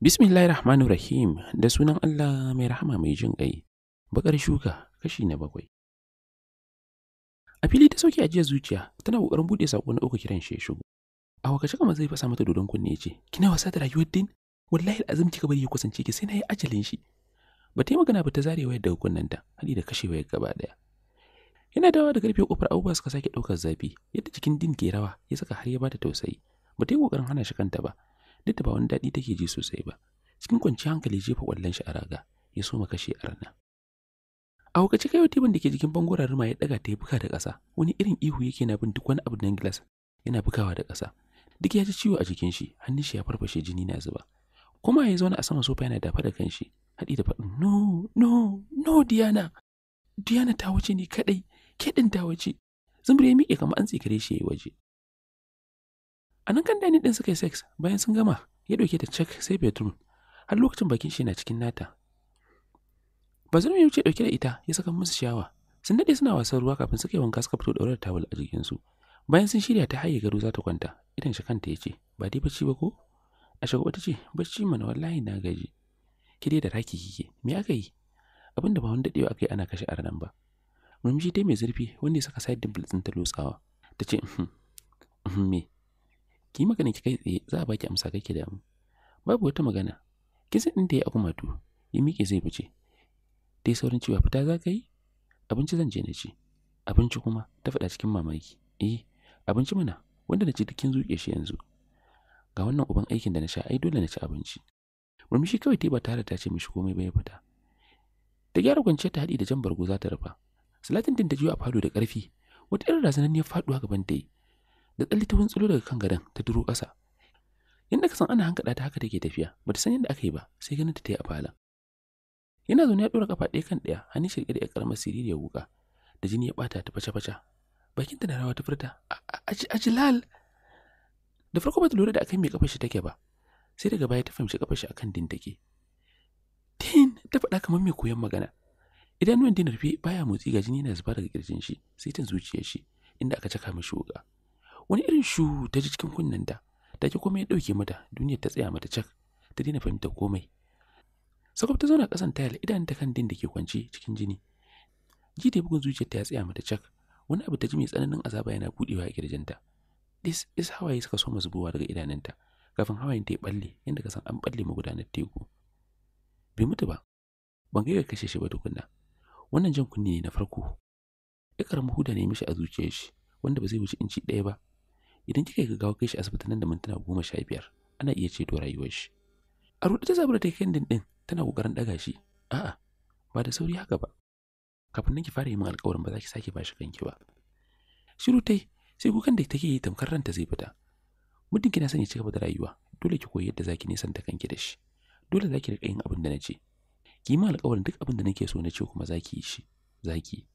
Bismillahi Rahim da sunan Allah mai rahama mai jin ƙai, Baƙar shuka kashi na bakwai. A fili ta sauke ajiyar zuciya tana ƙoƙarin buɗe saƙo na uku kiran shi ya shigo. A wakace kamar zai fasa mata dodon kunne ce, kina wasa da rayuwar din? Wallahi azum kika bari ya kusance ki sai na yi ajalin shi. ba ta yi magana ba ta zare wayar da hukunanta haɗi da kashe wayar gaba ɗaya yana dawa da karfe kofar abubuwa suka sake ɗaukar zafi yadda cikin din ke rawa ya saka har ya bata tausayi ba ta yi ƙoƙarin hana shi kanta ba duk da ba wani daɗi take ji sosai ba cikin kwanci hankali jefa kwallon shi a raga ya soma kashe a rana a hukaci kai wata da ke jikin bangoran rima ya daga ta yi buka da ƙasa wani irin ihu yake na bin duk wani abu nan gilas yana bukawa da ƙasa duk ya ji ciwo a jikin shi hannun shi ya farfashe jini na zuba kuma ya zauna a sama sofa yana dafa da kanshi haɗi da faɗin no no no diana diana ta wuce ni kaɗai keɗin ta wace zumbur ya miƙe kama an tsikare shi ya yi waje a nan kan dani ɗin suka yi sex bayan sun gama ya ɗauke ta cak sai bedroom har lokacin bakin shi na cikin nata Ba zan ya wuce ɗauke da ita ya saka musu shawa sun daɗe suna wasan ruwa kafin suka yi wanka suka fito ɗaure da tawul a su. bayan sun shirya ta haye gado za ta kwanta idan shi kanta ya ce ba dai bacci ba ko a shagaba ta ce bacci mana wallahi na gaji ki dai da raki kike me aka yi abinda ba wani dadewa aka yi ana kashe arnan ba murmushi dai mai zurfi wanda ya saka side dimple din ta lotsawa ta ce uhm, uhm, me ki magana ki kai tsaye za a baki amsa kake da mu babu wata magana kisan din da ya akumatu ya miƙe zai fice dai saurin cewa fita za ka yi abinci zan je na ci abinci kuma ta faɗa cikin mamaki eh abinci mana wanda na ci dukkin zuƙe shi yanzu ga wannan uban aikin da na sha ai dole na ci abinci murmushi kawai ta ba tare ta ce mishi komai ba ya fita ta gyara kwanciyar ta haɗi da jan bargo za ta rufa salatin din ta juya a fado da ƙarfi wata irin ya faɗuwa gaban ta yi da tsalli ta wuntsalo daga kan gadon ta duro ƙasa yadda ka san ana hankaɗa ta haka take tafiya bata san yadda aka yi ba sai ganin ta yi a fala yana zaune ya ɗora ƙafa ɗaya kan ɗaya hannun shirƙe da ya ƙaramar siririyar wuƙa da jini ya ɓata ta faca face bakinta na rawa ta furta ajilal da farko ta lura da akan mai kafar shi take ba sai daga baya ta fahimci kafar shi akan din ta faɗa kamar mai koyon magana idanuwan din rufe baya motsi ga jini yana zuba daga kirjin shi sai ta zuciyar shi inda aka caka mishi wuka wani irin shu ta ji cikin kunnen ta ki komai ya dauke mata duniyar ta tsaya mata cak ta daina fahimta komai sakwab ta zauna kasan tayal idan ta kan din da ke kwance cikin jini ji da bugun zuciyar ta ya tsaya mata cak wani abu ta ji mai tsananin azaba yana budewa a kirjinta this is hawaye suka so zubowa daga idanunta kafin hawayen ta ya balle yadda ka san an balle gudanar teku bai mutu ba ban ga kashe shi ba tukunna wannan jan kunne ne na farko ya karamin huda ne mishi a zuciyar shi wanda ba zai wuce inci ɗaya ba idan kika ga gawo kai shi asibiti nan da mintuna goma sha biyar ana iya ceto rayuwar shi a ruɗe ta zabura ta kai din tana kokarin daga shi a'a ba da sauri haka ba kafin nan ki fara yi min alƙawarin ba za ki sake bashi kanki ba shiru tai sai kukan da take yi tamkar ranta zai fita muddin kina son cigaba cigaba da rayuwa dole ki koyi yadda zaki ta kanki da shi dole zaki rika yin abin da na ce. ki ma alƙawarin duk abin da nake so ce kuma zaki yi shi zaki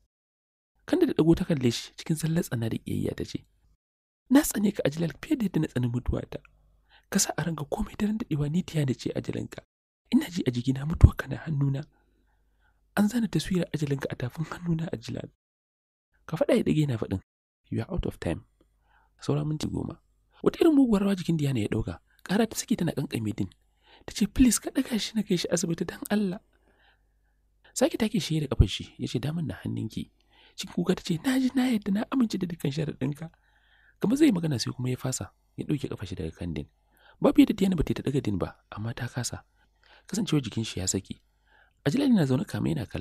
kan da dago ta kalle shi cikin sallar tsana da kiyayya ta ce na tsane ka ajilal fiye da yadda na tsani mutuwata ka sa a ranka komai ran daɗewa ni tiya da ce ajalinka ina ji a jikina mutuwa kana hannuna an zana taswira ajalinka a tafin hannuna a ka faɗa ya ɗage na faɗin you are out of time saura minti goma wata irin muguwar rawa jikin Diana ya ɗauka. Ƙara ta saki tana kankame din ta ce please ka ɗaga shi na kai shi asibiti dan Allah sake take shi da kafar shi ya ce damin na hannunki cikin kuka ta ce na ji na yadda na amince da dukkan sharaɗinka Kama zai magana sai kuma ya fasa ya ɗauke kafar shi daga kan babu yadda Diana bata ta ɗaga din ba amma ta kasa kasancewar jikin shi ya saki jilani na zaune kame yana ta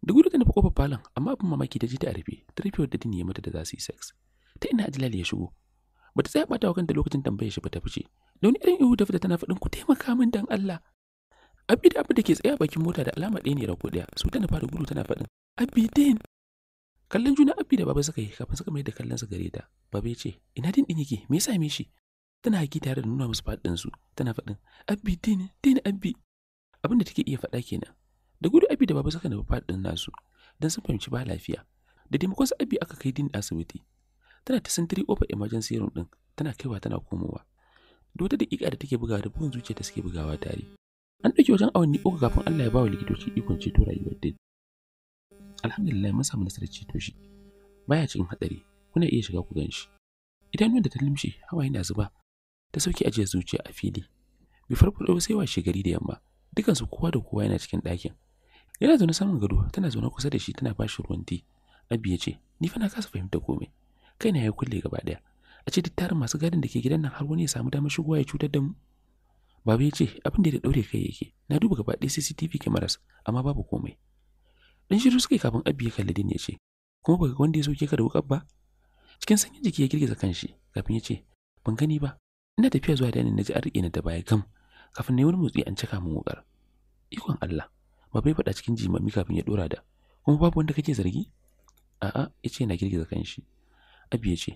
da gudu ta nufi kofar falon amma abin mamaki ta ji ta rufe ta rufe wadda din ya mata da za su yi sex ta ina jilali ya shigo bata tsaya bata wa kanta lokacin tambayar shi bata ta fice da wani irin ihu ta fita tana faɗin ku taimaka min dan Allah Abbi da abin da ke tsaye bakin mota da alama ɗaya ne rako ɗaya su tana fara gudu tana faɗin Abbi din kallon juna Abbi da baba suka yi kafin suka mai da kallon su gare ta baba ya ce ina din din yake me yasa me shi tana haƙi tare da nuna musu faɗin su tana faɗin Abbi din din abi abin da take iya faɗa kenan da gudu Abbi da baba suka nufi faɗin nasu dan sun fahimci ba lafiya da taimakon su Abbi aka kai din asibiti tana ta santiri kofar emergency room din tana kaiwa tana komowa da wata dakika da take bugawa da bugun zuciya ta suke bugawa tare an ɗauki wajen awanni uku kafin Allah ya ba wa likitoci ikon ceto rayuwar din alhamdulillah mun samu nasarar ceto shi baya cikin hatsari kuna iya shiga ku ganshi idan da ta limshe hawa yana zuba ta sauke ajiyar zuciya a fili farko farfaɗo sai washe gari da yamma dukansu kowa da kowa yana cikin ɗakin yana zaune saman gado tana zaune kusa da shi tana bashi ruwan ti abi ya ce ni fa na kasa fahimta komai kai kaina ya kulle gaba daya a ce duk masu gadin da ke gidan nan har wani ya samu damar shigowa ya cutar da mu Baba ya ce abin da ya daure kai yake na duba gaba daya CCTV cameras amma babu komai dan shiru suka yi kafin Abbi ya kalli din ya ce kuma baka wanda ya soke ka da wukar ba cikin sanyin jiki ya girgiza kanshi kafin ya ce ban gani ba ina tafiya zuwa dani na ji an riƙe na da baya gam kafin na yi wani motsi an cika min wukar ikon Allah baba ya faɗa cikin jimami kafin ya ɗora da kuma babu wanda kake zargi a'a ya ce na girgiza kanshi abu ya ce,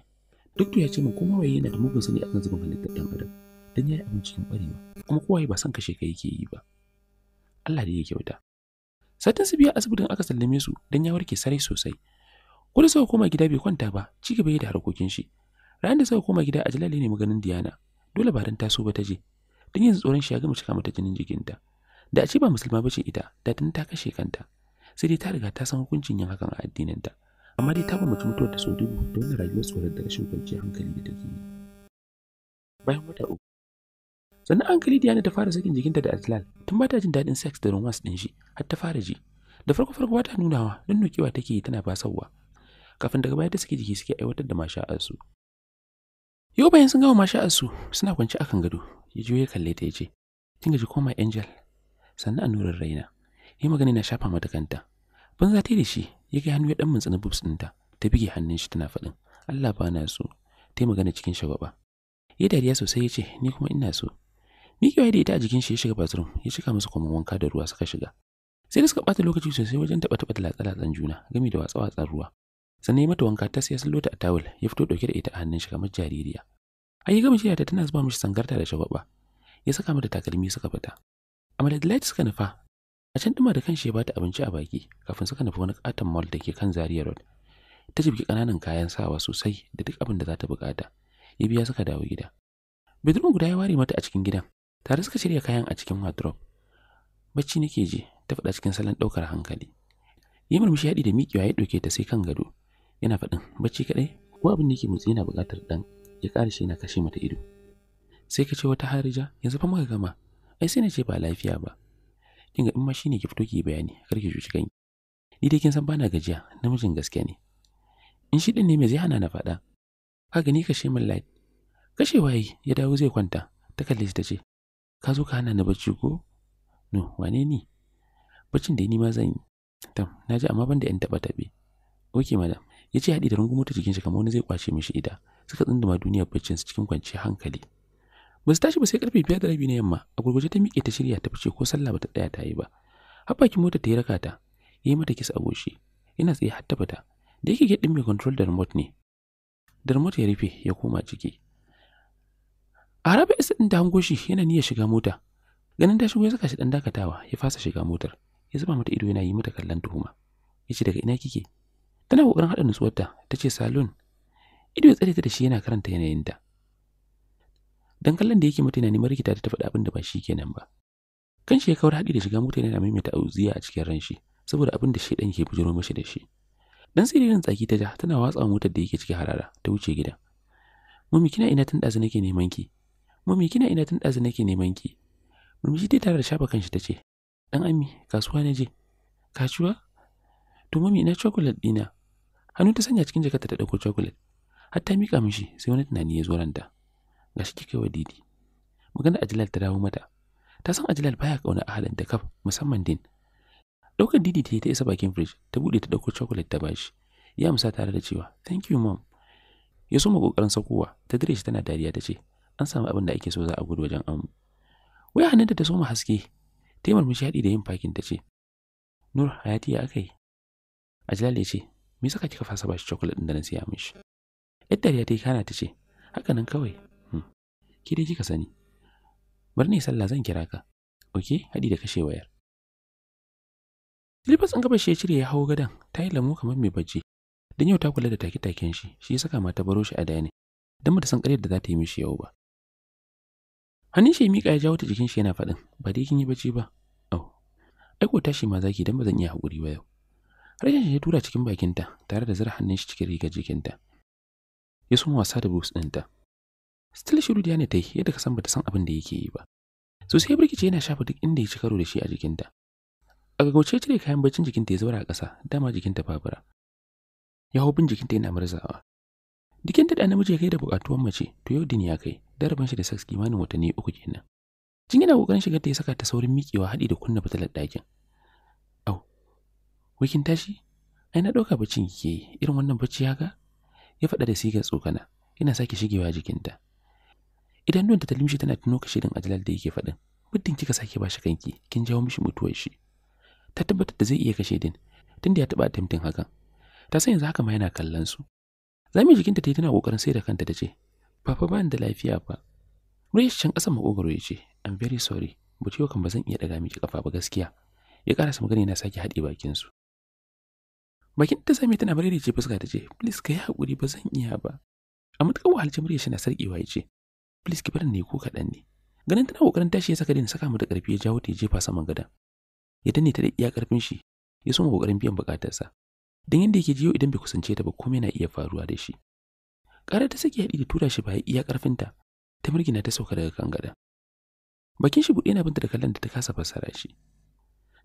Duk da ya ce min kuma waye yana da mugun sani a kan zubin halittar ɗan adam, don ya yi abin cikin ƙwarewa, kuma kowaye ba san kashe ka yake yi ba. Allah da ya kyauta. Satin su biya asibitin aka sallame su don ya warke sarai sosai. Kudu suka koma gida bai kwanta ba, ci gaba da harkokin shi. Ranar da suka koma gida a jalali ne maganin diyana dole ba don taso ba ta je, don yanzu tsoron shi ya gama cika mata jinin jikinta. Da a ce ba musulma ba ce ita, da tun ta kashe kanta. Sai dai ta riga ta san hukuncin yin hakan a addininta. amma dai ta mace mutuwar da sau dubu don na rayuwar tsoron da rashin kwanciyar hankali da take yi bayan wata uku sannan hankali Diana ta fara sakin jikinta da Atlal tun ba ta jin daɗin sex da romance ɗin shi har ta fara ji da farko farko wata nunawa don nokewa take yi tana basarwa kafin daga baya ta saki jiki suke aiwatar da masha'arsu yau bayan sun gama masha'arsu suna kwance akan gado ya juyo ya kalle ta ya ce kin gaji koma angel sannan a nurar raina yi magani na shafa mata kanta ban za ta yi da shi ya kai hannu ya dan mintsina bubs ɗinta ta bige hannun shi tana faɗin Allah ba na so ta yi magana cikin shawaba. ya dariya sosai ya ce ni kuma ina so miƙewa da ita a jikin shi ya shiga bathroom ya cika musu kuma wanka da ruwa suka shiga sai da suka bata lokaci sosai wajen taɓa taɓa latsa-latsan juna gami da watsa-watsan ruwa sannan ya mata wanka ta siya sallo ta a tawul ya fito ɗauke da ita a hannun shi kamar jaririya ai yi gama shirya ta tana zuba mishi sangarta da shagwaba ya saka mata takalmi suka fita amma da delight suka nufa a can ɗuma da kanshi ya bata abinci a baki kafin suka nufi wani katon mall da ke kan zaria road ta jibgi kananan kayan sawa sosai da duk abin da za ta bukata ya biya suka dawo gida bedroom guda ya ware mata a cikin gidan tare suka shirya kayan a cikin wardrobe bacci nake ji ta faɗa cikin salon ɗaukar hankali ya murmushi yaɗi da miƙewa ya ɗauke ta sai kan gado yana faɗin bacci kaɗai ko abin da yake motsi yana buƙatar ɗan ya ƙara shi yana kashe mata ido sai ka ce wata harija yanzu fa muka gama ai sai na ce ba lafiya ba kinga in ma shine ki fito ki bayani kar ki shuci kanki ni dai kin san bana gajiya namijin gaske ne in shi din ne me zai hana na faɗa ka gani kashe min light kashe waye ya dawo zai kwanta ta kalle shi ta ce ka zo ka hana na bacci ko no wane ni baccin da ni ma zan yi tam na ji amma ban da yan taɓa taɓe oke madam ya ce da rungumo ta jikin shi kamar wani zai kwace mishi ida suka tsunduma duniyar baccin su cikin kwanciyar hankali ba su tashi ba sai karfe biyar da rabi na yamma a gurguje ta miƙe ta shirya ta fice ko sallah ba ta tsaya ta yi ba har bakin mota ta yi raka ta ya yi mata kisa a goshi yana tsaye har ta fita da yake gate mai control da remote ne da remote ya rufe ya koma ciki a rabe isa ɗin ta hango shi yana niyyar shiga mota ganin ta shigo ya saka shi ɗan dakatawa ya fasa shiga motar ya zuba mata ido yana yi mata kallon tuhuma ya ce daga ina kike tana kokarin haɗa nutsuwarta ta ce salon ido ya tsare ta da shi yana karanta yanayinta dan kallon da yake mata yana neman rikita ta faɗa abin da ba shi kenan ba kan shi ya kawar haɗi da shiga mota yana maimaita auziya a cikin ran shi saboda abin da shedan ke bujiro mashi da shi dan siririn tsaki ta ja tana watsa motar da yake cikin harara ta wuce gida mummy kina ina tun ɗazu nake neman ki mummy kina ina tun dazu nake neman ki dai tare da shafa kanshi ta ce dan ami kasuwa na je kasuwa to mummy ina chocolate dina hannu ta sanya cikin jakarta ta dauko chocolate har ta mika mishi sai wani tunani ya zo ranta ga gashi kike wa didi Maganar ajilal ta dawo mata ta san ajilal baya kauna ahalin da kaf musamman din Ɗaukar didi ta yi ta isa bakin fridge ta buɗe ta dauko chocolate ta bashi ya amsa tare da cewa thank you mom ya soma kokarin sakowa ta dire shi tana dariya ta ce an samu abin da ake so za a gudu wajen amu wai hannunta ta soma haske ta yi murmushi haɗi da yin fakin ta ce nur hayati ya aka yi ajalal ya ce me saka kika fasa bashi chocolate din da na siya mishi yar dariya ta yi kana ta ce haka nan kawai ki dai kika sani bari ne sallah zan kira ka oke haɗi da kashe wayar Silifas an gaba shi ya cire ya hau gadon ta yi lamu kamar mai bacci dan yau ta kula da take-taken shi shi ya saka mata baro shi a dani. dan bata san ƙarfi da za ta yi mishi yau ba hannun shi ya miƙa ya jawo ta jikin shi yana faɗin ba dai kin yi bacci ba au ai ko tashi ma zaki dan ba zan iya haƙuri ba yau harshen shi ya tura cikin bakinta tare da zira hannun shi cikin rigar jikinta ya suma wasa da bus ɗinta still shiru da ta yi yadda ka san bata san abin da yake yi ba so sai birkice yana shafa duk inda ya ci karo da shi a jikinta a gaggauce cire kayan baccin jikinta ya zaura a ƙasa dama jikinta babura. ya hau bin jikinta yana murzawa Dikin da namiji ya kai da buƙatuwan mace, to yau din ya kai, daraban shi da sex kimanin watanni uku kenan. Jin yana kokarin shigar da ya saka ta saurin miƙewa haɗi da kunna fitilar ɗakin. Au, wikin tashi? Ai na ɗauka baccin kike yi, irin wannan bacci haka? Ya faɗa da sigar tsokana, yana sake shigewa jikinta. idan idanuwanta ta limshi tana tuno kashe din ajalal da yake faɗin muddin kika sake bashi kanki kin jawo mishi mutuwar shi ta tabbatar da zai iya kashe din tunda ya taba tamtin hakan ta san yanzu haka ma yana kallon su zami jikinta ta yi tana kokarin sai da kanta ta ce papa ba da lafiya ba. fa shi can ƙasan makogaro ya ce, I'm very sorry, ba ciwo kan ba zan iya daga miki kafa ba gaskiya. Ya karasa magana yana sake haɗe bakinsu. Bakin ta zami tana bari da ce fuska ta ce, please ka hakuri haƙuri ba zan iya ba. A matuƙar wahalci murya shi na sarƙewa ya ce, please ki bar ne ko kaɗan ne ganin tana kokarin tashi ya saka din saka mata karfi ya jawo ta jefa saman gadan ya danne ta da iya karfin shi ya soma kokarin biyan bukatarsa dan yanda yake jiyo idan bai kusance ta ba komai na iya faruwa da shi ƙara ta saki haɗi da tura shi baya iya ƙarfinta ta mirgina ta sauka daga kan gadan bakin shi buɗe na binta da kallon da ta kasa fasara shi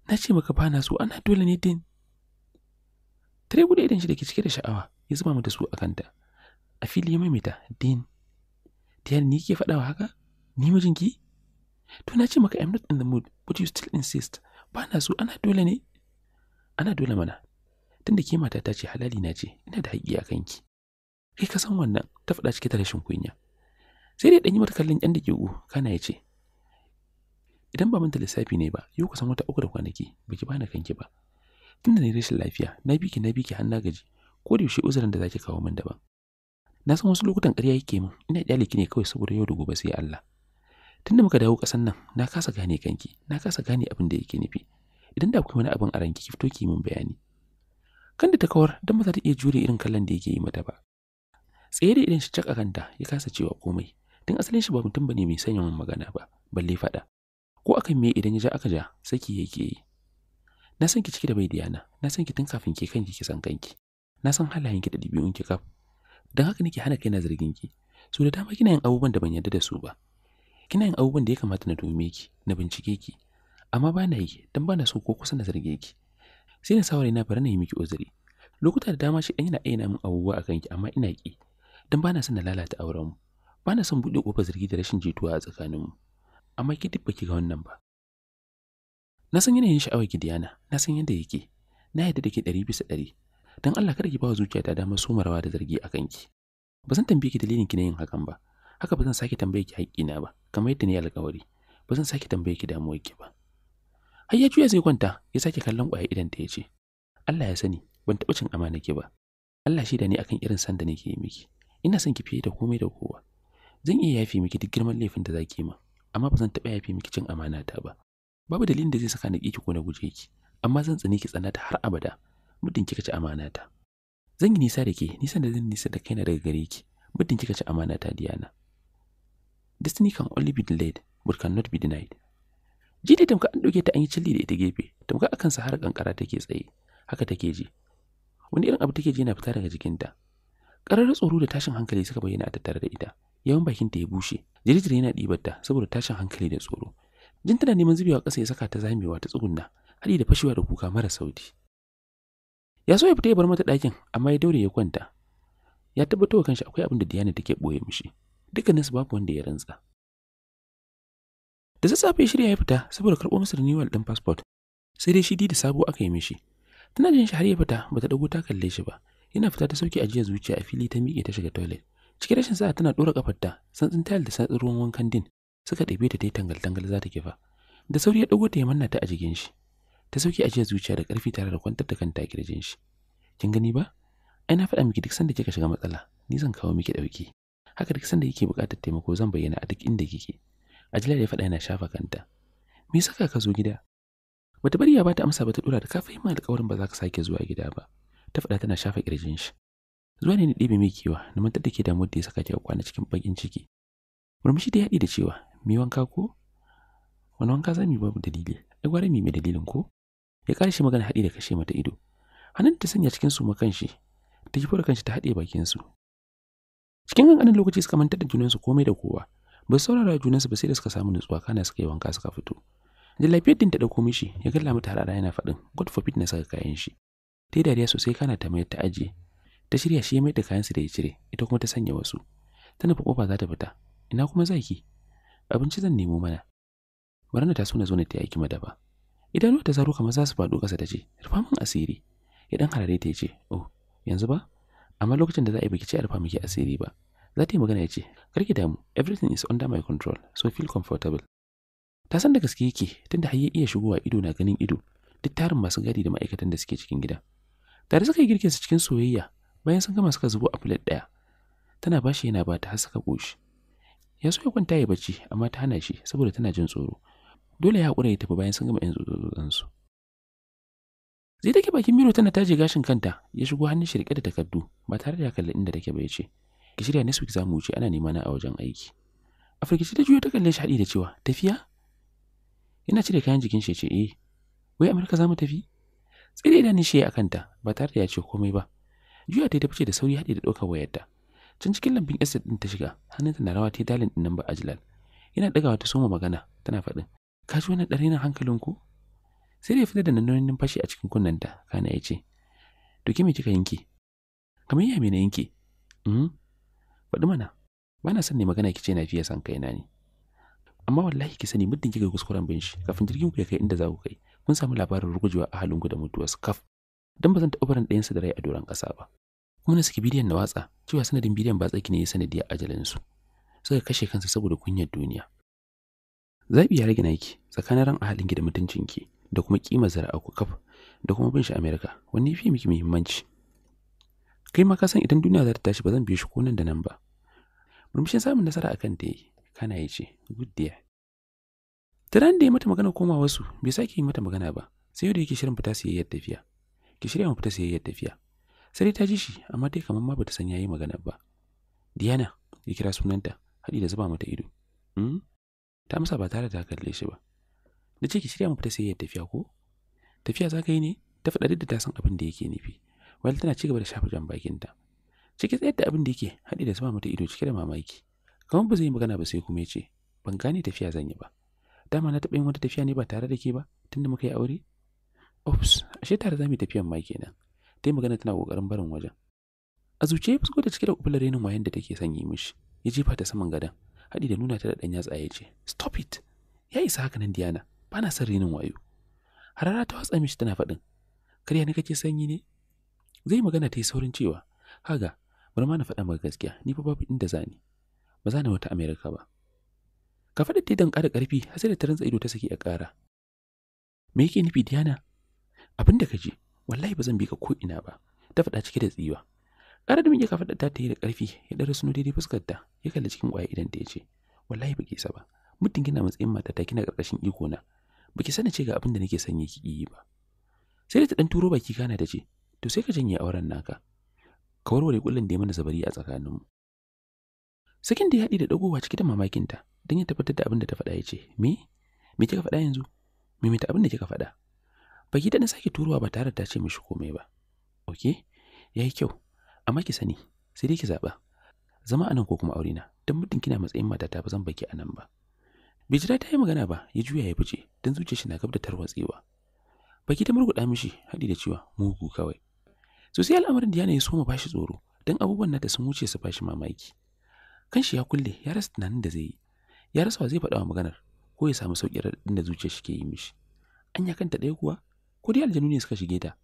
na ce maka ba na so ana dole ne din tare buɗe idan shi da ke cike da sha'awa ya zuba mata su a kanta a fili ya maimaita din ta ni ke faɗawa haka ni mijinki to na ce maka i'm not in the mood but you still insist ba na so ana dole ne ana dole mana tunda ke mata ta ce halali na ce ina da haƙƙi a kanki kai ka san wannan ta faɗa cike ta rashin kunya sai dai ɗanyi mata kallon ƴan daƙiƙu kana ya ce idan ba manta lissafi ne ba yau kusan wata uku da kwanaki ba baki bani kanki ba tunda ni rashin lafiya na bi biki na biki har na gaji ko da yaushe uzurin da zaki kawo min daban na san wasu lokutan ƙarya yake min ina ƙyale ki ne kawai saboda yau da gobe sai Allah tunda muka dawo ƙasan nan na kasa gane kanki na kasa gane abin da yake nufi idan da akwai wani abin a ranki ki fito ki min bayani kan da ta kawar dan ba za ta iya jure irin kallon da yake yi mata ba tsaye da idan shi cak a kanta ya kasa cewa komai tun asalin shi ba mutum bane mai sanya min magana ba balle faɗa ko akan me idan ya ja aka ja saki yake yi na san ki ciki da bai diyana na san ki tun kafin ke kanki ki san kanki na san halayen ki da ɗabi'un ki kaf don haka nake hana kaina zargin ki so da dama kina yin abubuwan da ban yarda da su ba kina yin abubuwan da ya kamata na dome ki na bincike ki amma ba na yi don ba na so ko kusa na zarge ki sai na saurayi na bari na yi miki uzuri lokuta da dama shi dan yana aina min abubuwa a kanki amma ina ki don ba na son na lalata auren mu ba na son buɗe ƙofar zargi da rashin jituwa a mu amma ki duk baki ga wannan ba na san yanayin sha'awar ki Diana na san yadda yake na yarda da ke ɗari bisa ɗari don Allah kada ki ba zuciyata dama somarwa da zargi akan ki. ba zan tambaye ki dalilin ki na yin hakan ba haka ba zan sake tambaye ki haƙƙina ba kamar yadda ni alƙawari ba zan sake tambaye ki damuwar ki ba har ya juya zai kwanta ya sake kallon ƙwaya idan ta ya ce. Allah ya sani ban taɓa cin amana ki ba Allah shi da ni akan irin san da nake yi miki ina son ki fiye da komai da kowa zan iya yafi miki duk girman laifin da zaki ma. amma ba zan taɓa yafi miki cin amana ta ba babu dalilin da zai saka ni ki ko na guje ki amma zan tsani ki tsanata har abada muddin kika ci amana ta zan yi nisa da ke nisan da zan nisa da na daga gare ki muddin kika ci amana ta Diana destiny can only be delayed but cannot be denied ji da tamka an ɗauke ta an yi cilli da ita gefe tamka a kansa har kankara take tsaye haka take ji wani irin abu take ji yana fita daga jikinta ƙararrar tsoro da tashin hankali suka bayyana a tattare da ita yawan bakinta ya bushe jirjiri yana ɗibarta saboda tashin hankali da tsoro jin tana neman zubewa ƙasa ya saka ta zamewa ta tsugunna haɗi da fashewa da kuka mara sauti ya so ya fita ya bar mata ɗakin amma ya daure ya kwanta ya tabbatar wa kanshi akwai abin da Diana take ɓoye mishi su babu wanda ya rantsa da sassafe shirya ya fita saboda karɓo masa renewal ɗin passport sai dai shi da sabo aka yi mishi tana jin shi har ya fita bata ɗago ta kalle shi ba yana fita ta sauke ajiyar zuciya a fili ta miƙe ta shiga toilet cikin rashin sa'a tana ɗora kafarta santsin tayar da santsin ruwan wankan din suka ɗebe ta ta yi tangal-tangal za ta kifa da sauri ya ɗago ta ya manna ta a jikin shi ta sauki ajiyar zuciya da ƙarfi tare da kwantar da kanta a kirjin shi kin gani ba ai na faɗa miki duk sanda kika shiga matsala ni zan kawo miki ɗauki haka duk sanda kike buƙatar taimako zan bayyana a duk inda kike ajila da ya faɗa yana shafa kanta me saka ka zo gida bata bari ya bata amsa ba ta dora da ka fahimta alƙawarin ba za ka sake zuwa gida ba ta faɗa tana shafa kirjin shi zuwa ne ni ɗebe mai kewa na mantar da ke damuwar da ya saka ki a kwana cikin bakin ciki murmushi da yaɗi da cewa me wanka ko wani wanka za mu yi babu dalili ai gwara mi mai dalilin ko ya kare shi magana haɗi da kashe mata ido hannun ta sanya cikin su makan shi ta kifo da kanshi ta haɗe bakin su cikin ƙanƙanin lokaci suka manta da junansu komai da kowa ba su saurara junansu ba sai da suka samu nutsuwa kana suka yi wanka suka fito da lafiyar din ta ɗauko mishi ya galla mata harara yana faɗin god forbid na saka kayan shi ta yi dariya sosai kana ta mayar ta ajiye ta shirya shi ya mayar da kayansu da ya cire ita kuma ta sanya wasu ta nufi kofa za ta fita ina kuma zaki abinci zan nemo mana bari ta so na zo na ta yaki madafa. idan wata zaro kamar za su faɗo ƙasa ta ce rufa asiri ya dan harare ta ce oh yanzu ba amma lokacin da za a yi bikici a rufa asiri ba za ta yi magana ya ce karki damu everything is under my control so feel comfortable ta san da gaske yake tunda har iya shigowa ido na ganin ido duk tarin masu gadi da ma'aikatan da suke cikin gida tare suka yi girkin su cikin soyayya bayan sun gama suka zubo a plate ɗaya tana bashi yana ba ta har suka koshi ya so ya kwanta ya bacci amma ta hana shi saboda tana jin tsoro dole ya haƙura ya tafi bayan sun gama yin tsotsotsansu. Zai take bakin miro tana taje gashin kanta ya shigo hannun shi riƙe da takardu ba tare da ya kalli inda take ba ya ce ki shirya next week za mu wuce ana nema na a wajen aiki. A firgice ta juyo ta kalle shi haɗi da cewa tafiya? Yana cire kayan jikin shi ya ce eh wai Amurka za mu tafi? Tsire ni shi ya kanta ba tare da ya ce komai ba. Juya ta ta ce da sauri haɗi da ɗaukar wayarta. Can cikin lambin estate ɗin ta shiga hannunta na rawa ta dalin ɗin nan ba Ajilal. Yana ɗagawa ta soma magana tana faɗin ka ji wani ɗari hankalin ku sai da ya fitar da nannonin numfashi a cikin kunnanta kana ya ce to ki me kika yanke kamar ya me na yanke mm faɗi mana ba na son ne magana ce na fiye san kaina ne amma wallahi ki sani muddin kika kuskuren bin shi kafin jirgin ku ya kai inda za ku kai kun samu labarin rugujewa ahalinku da su kaf Don ba zan taɓa barin ɗayansa da rai a doron ƙasa ba kuma na saki bidiyon na watsa cewa sanadin bidiyon ba tsaki ne ya sanadiyar ajalinsu suka kashe kansu saboda kunyar duniya zaɓi ya rage naki tsakanin ran ahalin gida da ki da kuma kima zara'a ku kaf da kuma bin shi Amerika wanne fi miki muhimmanci kai ma kasan idan duniya za ta tashi ba zan biyo shi ko nan da nan ba murmushin samun nasara akan ta yi kana yi ce good day tiran da ya mata magana koma wasu bai sake yi mata magana ba sai yau da yake shirin fita siyayyar tafiya ki shirya mu fita siyayyar tafiya sai ta ji shi amma dai kamar ma bata san yayi magana ba Diana ya kira sunanta haɗi da zuba mata ido. Hmm? ta masa ba tare da kalle shi ba na ce ki shirya mu fita sai ya tafiya ko tafiya za ka yi ne ta faɗa da ta san abin da yake nufi wani tana ci gaba da shafa jan ta ciki tsayar da abin da yake haɗe da sama mata ido cike da mamaki kamar ba zai yi magana ba sai kuma ya ce ban gane tafiya zan yi ba dama na taɓa yin wata tafiya ne ba tare da ke ba tun da muka yi aure ops ashe tare za mu yi tafiyan ma kenan ta yi magana tana kokarin barin wajen a zuciya ya fusko da cike da kubular renin wayan da take sanyi yi mishi ya jefa ta saman gadon haɗi da nuna ta da ɗan yatsa ya ce stop it ya isa haka nan diana ba na son renin wayo harara ta watsa mishi tana faɗin karya ni kake sanyi ne zai magana ta yi saurin cewa haga bari ma na faɗa maka gaskiya ni fa babu inda zani ba za na wata amerika ba ka faɗa ta dan ƙara ƙarfi har sai da ta rantsa ido ta saki a ƙara me yake nufi diana abin da ka je wallahi ba zan bi ka ko ina ba ta faɗa cike da tsiwa Ƙarar da muke kafa ta ta yi da ƙarfi ya ɗara suno daidai fuskar ta ya kalli cikin ƙwaya idan ta ya ce wallahi ba sa ba muddin kina matsayin mata ta kina ƙarƙashin iko na Baki sani ce ga abin da nake sanya ki yi ba. Sai da ta ɗan turo baki kana ta ce to sai ka janye auren naka ka warware kullum da ya mana zabari a tsakaninmu. Sakin da ya haɗi da ɗagowa cike da mamakinta don ya tabbatar da abin da ta faɗa ya ce me me kika faɗa yanzu me me ta abin da kika faɗa. Baki da na sake turowa ba tare da ta ce mishi komai ba. ok ya yi kyau, amma ki sani sai dai ki zaɓa zama anan ko kuma aure na don muddin kina matsayin matata ba zan baki anan ba bijira ta yi magana ba ya juya ya fice don zuciyar shi na gab da tarwatsewa baki ta murguda mishi hadi da cewa mugu kawai so sai al'amarin Diana ya soma bashi tsoro don abubuwan nata sun wuce su bashi mamaki kanshi ya kulle ya rasa tunanin da zai yi ya rasa wa zai faɗa wa maganar ko ya samu sauƙi raɗin da zuciyar shi ke yi mishi anya kanta ɗaya kuwa ko dai aljanu ne suka shige ta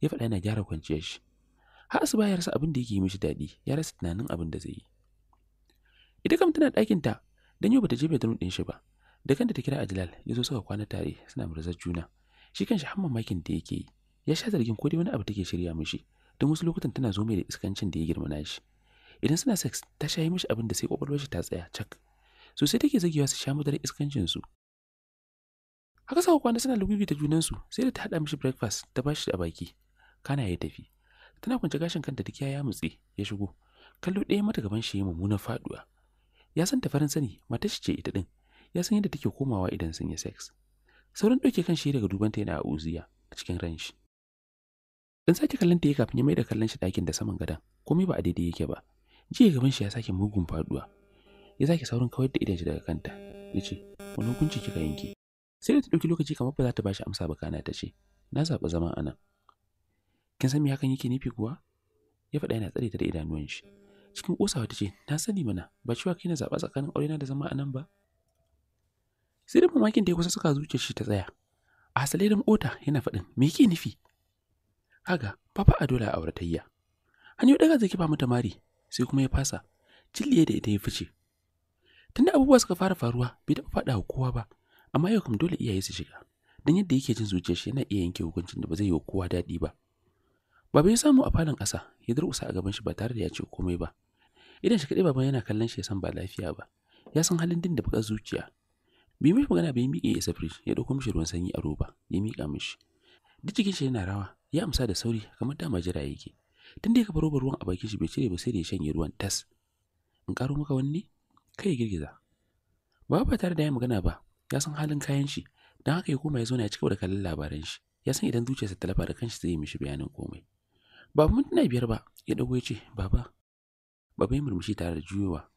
ya faɗa yana gyara kwanciyar shi har su ya rasa abin da yake mishi daɗi ya rasa tunanin abin da zai yi ita kam tana ɗakinta don yau bata je bedroom ɗin shi ba da kanta ta kira jalal ya zo suka kwana tare suna murzar juna shi kanshi har mamakin da yake yi ya sha zargin ko dai wani abu take shirya mishi don wasu lokutan tana zo mai da iskancin da ya girma shi idan suna sex ta sha mishi abin da sai kwakwalwar shi ta tsaya cak so sai take zagewa su sha madarar iskancin su haka sa kwana suna lugubi ta junan su sai da ta hada mishi breakfast ta bashi a baki kana ya tafi tana kwance gashin kanta duk ya mutse ya shigo kallo ɗaya mata gaban shi mummunan faduwa ya san ta farin sani shi ce ita din ya san yadda take komawa idan sun yi sex saurin ɗauke kan shi daga ta yana a uziya a cikin ran shi dan sake kallon ta kafin mai da kallon shi ɗakin da saman gadan komai ba a daidai yake ba jiya gaban shi ya sake mugun faduwa ya sake saurin kawar da idan shi daga kanta ya ce wani hukunci kika yanke sai da ta ɗauki lokaci kamar ba za ta bashi amsa ba kana ta ce na zaɓi zama a kin san me hakan yake nufi kuwa ya faɗa yana tsare ta da idanuwan shi cikin kosawa ta ce na sani mana ba cewa kai na zaɓa tsakanin aurena da zama a nan ba sai da mamakin da ya kusa suka zuciyar shi ta tsaya a hasale da mota yana faɗin me yake nufi kaga papa a dole a auratayya hanyo daga zai ba mata mari sai kuma ya fasa cilliye da ita ya fice tunda abubuwa suka fara faruwa bai taɓa faɗa wa kowa ba amma yau kam dole iyaye su shiga don yadda yake jin zuciyar shi yana iya yanke hukuncin da ba zai yi wa kowa daɗi ba Baba ya samu a falon ƙasa ya durƙusa a gaban shi ba tare da ya ce komai ba. Idan shi kaɗai baba yana kallon shi ya san ba lafiya ba. Ya san halin din da bakar zuciya. Bai mai magana bai miƙe isa firij ya ɗauko mishi ruwan sanyi a roba ya miƙa mishi. Duk jikin shi yana rawa ya amsa da sauri kamar dama jira yake. Tun da ya kafa robar ruwan a bakin shi bai cire ba sai da ya shanye ruwan tas. In ƙaro maka wani kai girgiza. Baba ba tare da ya magana ba ya san halin kayan shi don haka ya koma ya zauna ya cigaba da kallon labaran shi. ya san idan zuciyarsa ta lafa da kanshi zai mishi bayanin komai ba mintuna biyar ba ya dago ya ce baba baba ya murmushi tare da juyowa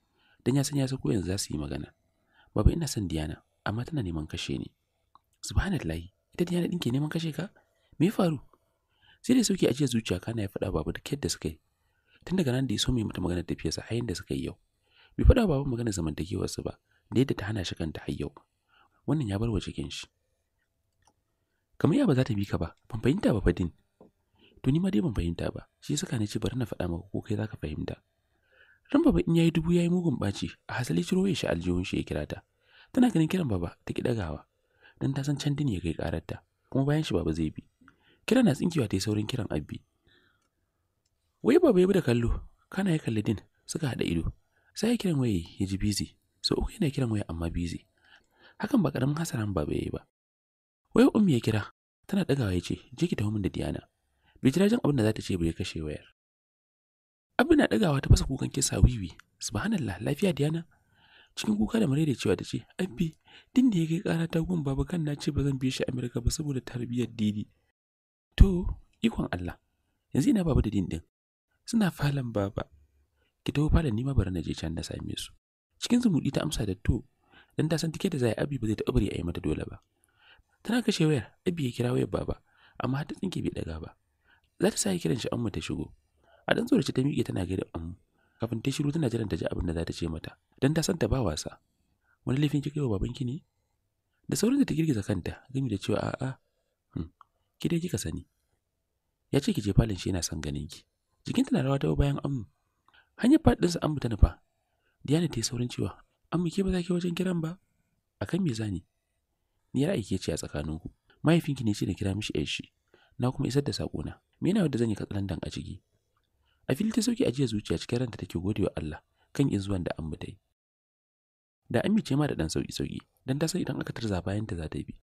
dan ya san ya sako yanzu za su yi magana baba ina son Diana amma tana neman kashe ni subhanallahi ita Diana din ke neman kashe ka me ya faru sai da sauki jiya zuciya kana ya faɗa baba da kyar da suka yi tun daga nan da ya so mai mata maganar tafiyarsa har da suka yi yau bai faɗa baba maganar su ba da yadda ta hana shi kanta har yau wannan ya bar wa cikin shi kamar ya ba za ta bi ka ba ban fahimta ba fadin to ni ma dai ban fahimta ba shi saka na ce bari na faɗa maka ko kai zaka fahimta ran baba in yayi dubu yayi mugun baci a hasali ciro ya shi aljihun shi ya kira ta tana ganin kiran baba ta ki dagawa dan ta san can ya kai kararta kuma bayan shi baba zai bi kira na tsinkewa ta yi saurin kiran abbi wai baba ya bi da kallo kana ya kalli din suka haɗa ido sai ya kiran waye ya ji bizi, sau uku yana kiran waya amma bizi. hakan ba karamin hasaran baba ya yi ba wai ummi ya kira tana dagawa ya ce je ki tafi min da Diana bai abin da za ta ce bai kashe wayar abin na dagawa ta fasa kukan kisa wiwi subhanallah lafiya diana cikin kuka da mare da cewa ta ce abbi din da ya kai kara ta gun babu kan na ce ba zan biye shi amerika ba saboda tarbiyyar didi to ikon allah yanzu ina babu da din din suna falon baba ki taho falon nima bari na je can na same su cikin zumuɗi ta amsa da to dan ta san tike da zai abi ba zai taɓa bari a yi mata dole ba tana kashe wayar abi ya kira wayar baba amma har ta tsinke bai daga ba za ta sake kiran shi amma ta shigo a dan zuwa ta miƙe tana gaida amma kafin ta shiru tana jiran ta ji abin da za ta ce mata dan ta san ta ba wasa wani laifin kike wa babanki ne da saurin da ta girgiza kanta gami da cewa a'a hmm, ki dai kika sani ya ce ki je falin shi yana son ganin ki jikinta na rawa ta bayan amma hanyar faɗin sa amma ta nufa Diana ta yi saurin cewa amma ke ba za ki wajen kiran ba akan me zani ni ra'ayi ke ce a tsakaninku mahaifinki ne ce da kira mishi yan shi na kuma isar da na, me yana wanda zan yi katsalandan a ciki a fili ta sauki ajiya zuciya cikin ranta take godewa Allah kan in zuwan da an mu dai da an mice ma da dan sauki sauki dan ta san idan aka tarza bayan ta za ta bi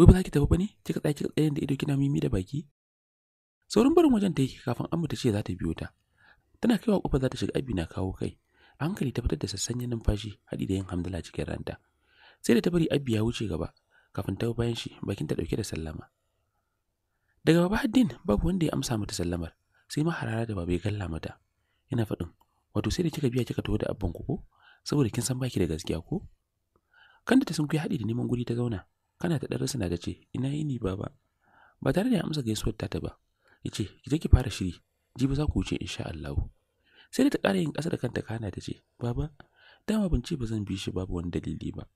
wai ba za ki tafi ba ne kika tsaya kika tsaye da ido kina mimi da baki saurin barin wajen ta yake kafin mu ta ce za ta biyo ta tana kaiwa kofar za ta shiga abi na kawo kai a hankali ta fitar da sassanyen numfashi haɗi da yin hamdala cikin ranta sai da ta bari abi ya wuce gaba kafin ta bayan shi bakin ta ɗauke da sallama daga baba haddin babu wanda ya amsa mata sallamar sai maharara da da ya galla mata ina faɗin wato sai da kika biya kika tawo da abban ku ko saboda kin san baki da gaskiya ko kanda ta sun kai haɗi da neman guri ta zauna kana ta ɗarsa na ce ina ni baba ba tare da ya amsa gaisuwar ta ba Ya ce, ki je ki fara shiri jibi za ku wuce insha Allah sai da ta ƙara yin ƙasa da kanta kana ta ce baba dama ban ce ba zan bi shi babu wani dalili ba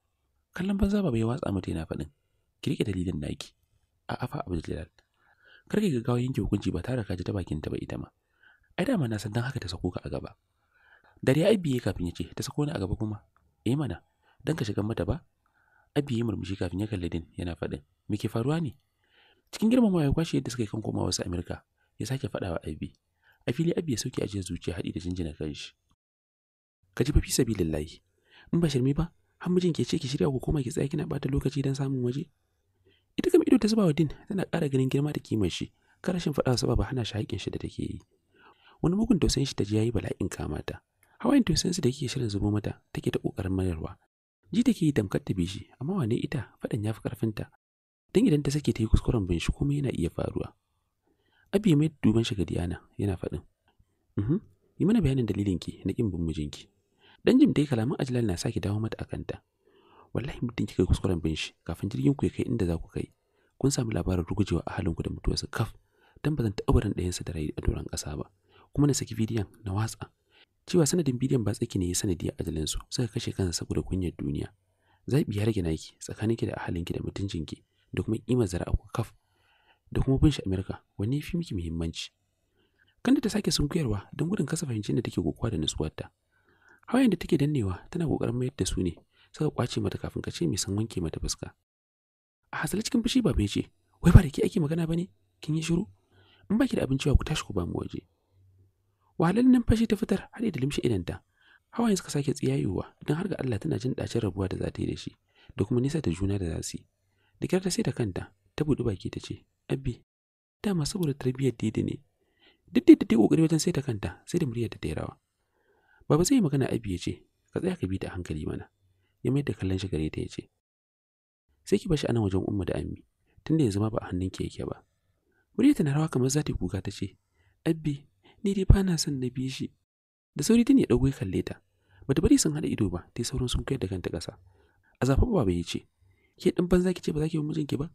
kallon banza baba ya watsa mata yana faɗin ki rike dalilin naki a afa abdul kar ka gaggawa yanke hukunci ba tare ka ji ta bakin ta ba ita ma ai dama na san dan haka ta sako ka a gaba dare ai biye kafin ya ce ta sako ni a gaba kuma eh mana dan ka shiga mata ba abi ya murmushi kafin ya kalli din yana faɗin me ke faruwa ne cikin girmamawa ya kwashe yadda suka yi kan komawa wasu amerika ya sake faɗawa abi a fili abi ya sauke ajiyar zuciya hadi da jinjina kanshi ka ji fa sabilillahi in ba shirme ba har mijin ke ce ki shirya ku koma ki tsaya kina bata lokaci don samun waje ita kam ido ta zuba wa din tana ƙara ganin girma da kimar shi karashin faɗa saba hana shi haƙin shi da take yi wani mugun tausayin shi ta ji yayi bala'in kama ta hawayen tausayin su da yake shirin zubo mata take ta ƙoƙarin mayarwa ji take yi tamkar ta bishi amma wane ita faɗan ya fi ƙarfinta don idan ta sake ta yi kuskuren bin shi komai yana iya faruwa abi mai duban shi ga Diana yana faɗin mhm yi mana bayanin dalilinki na kin bin mijinki dan jim dai kalaman ajlal na sake dawo mata a kanta. wallahi mutum kika kuskuren bin shi kafin jirgin ku ya kai inda za ku kai kun samu labarin rugujewa halin ku da su kaf dan bazan ta taɓa barin sa da rai a doron ƙasa ba kuma na saki bidiyon na watsa cewa sanadin bidiyon ba tsaki ne ya ajalin su suka kashe kansa saboda kunyar duniya zai ya rage naki tsakaninki da ahalinki da mutuncin ki da kuma kima zara'a ku kaf da kuma bin shi Amerika wanne fi miki muhimmanci kanda ta sake sunkuyarwa don gudun kasa fahimcin da take kokowa da nutsuwarta hawayen da take dannewa tana kokarin mayar da su ne suka kwace mata kafin ka ce mai san wanke mata fuska a hasali cikin fushi ba bai ce wai ba da ke ake magana ba ne? kin yi shiru in baki da abinci ku tashi ku ba mu waje wahalar fashi ta fitar har da limshe idanta yanzu suka sake tsiyayewa don har ga Allah tana jin ɗacin rabuwa da za ta yi da shi da kuma nisa da juna da za su yi da kyar ta sai da kanta ta buɗi baki ta ce abbi dama saboda tarbiyyar didi ne duk da ta kokari wajen sai ta kanta sai da muryar ta rawa baba zai magana abbi ya ce ka tsaya ka bi ta hankali mana ya mai da kallon shi gare ta ya ce sai ki bashi ana wajen umma da ammi tunda yanzu ma ba a hannun ki yake ba muryarta na rawa kamar za ta kuka ta ce abbi ni dai ba na son na bi shi da sauri din ya kalle ta bata bari sun haɗa ido ba ta sauran sun kai da kanta ƙasa a ba ba ya ce ke ɗin ban ki ce ba za ki yi mijinki ba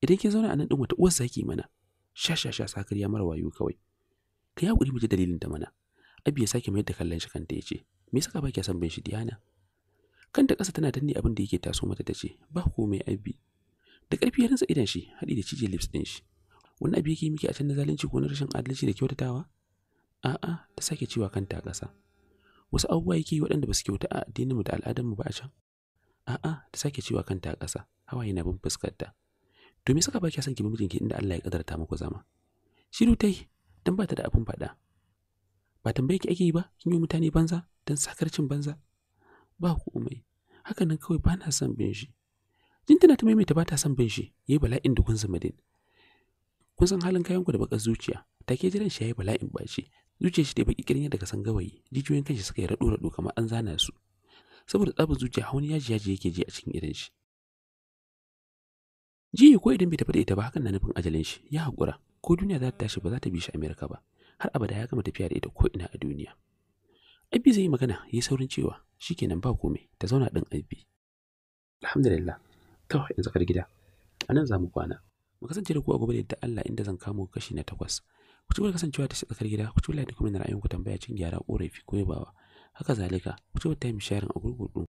idan ki zauna a nan ɗin wata uwar zaki mana sha sha sha sakar ya mara wayo kawai ka yi haƙuri mu ji dalilin ta mana Abbi ya sake mayar da kallon shi kanta ya ce me yasa ba ki san bin shi diana kanta ƙasa tana danne abin da yake taso mata ta ce ba komai abi da ƙarfi ya rinsa idan shi haɗi da cije lips ɗin shi wani abu yake miki a can na zalunci ko na rashin adalci da kyautatawa a'a ta sake cewa kanta ƙasa wasu abubuwa yake yi waɗanda ba su kyauta a addininmu da al'adarmu ba a can a'a ta sake cewa kanta ƙasa hawa yana bin fuskarta to me saka baki son ki mijinki inda Allah ya kadarta muku zama shiru tai dan ba ta da abin faɗa ba tambaye ki ake yi ba kin yi mutane banza dan sakarcin banza ba komai haka nan kawai ba na son bin shi jin tana ta maimaita ba ta son bin shi yayi bala'in da kun zama din kun san halin kayan ku da bakar zuciya ke jiran shi yayi bala'in bashi zuciyar shi da baki kirin daga san gawayi jijiyoyin kanshi suka yi rado rado kamar an zana su saboda tsabin zuciya hawan yaji yaji yake ji a cikin idan shi jiya ko idan bai tafi da ita ba hakan na nufin ajalin shi ya hakura ko duniya za ta tashi ba za ta bi shi Amerika ba har abada ya gama tafiya da ita ko ina a duniya Abi zai yi magana ya saurin cewa shikenan ba komai ta zauna ɗin Abi. Alhamdulillah, kawai in zakar gida. A nan za mu kwana. Mu kasance da ku a gobe da yadda Allah inda zan kamo kashi na takwas. Ku ci kasancewa ta tsakar gida, ku ci da kuma na ku tambaya cin gyara ƙorafi ko yabawa. Haka zalika, ku ci ta yi mishayarin a gurgudu.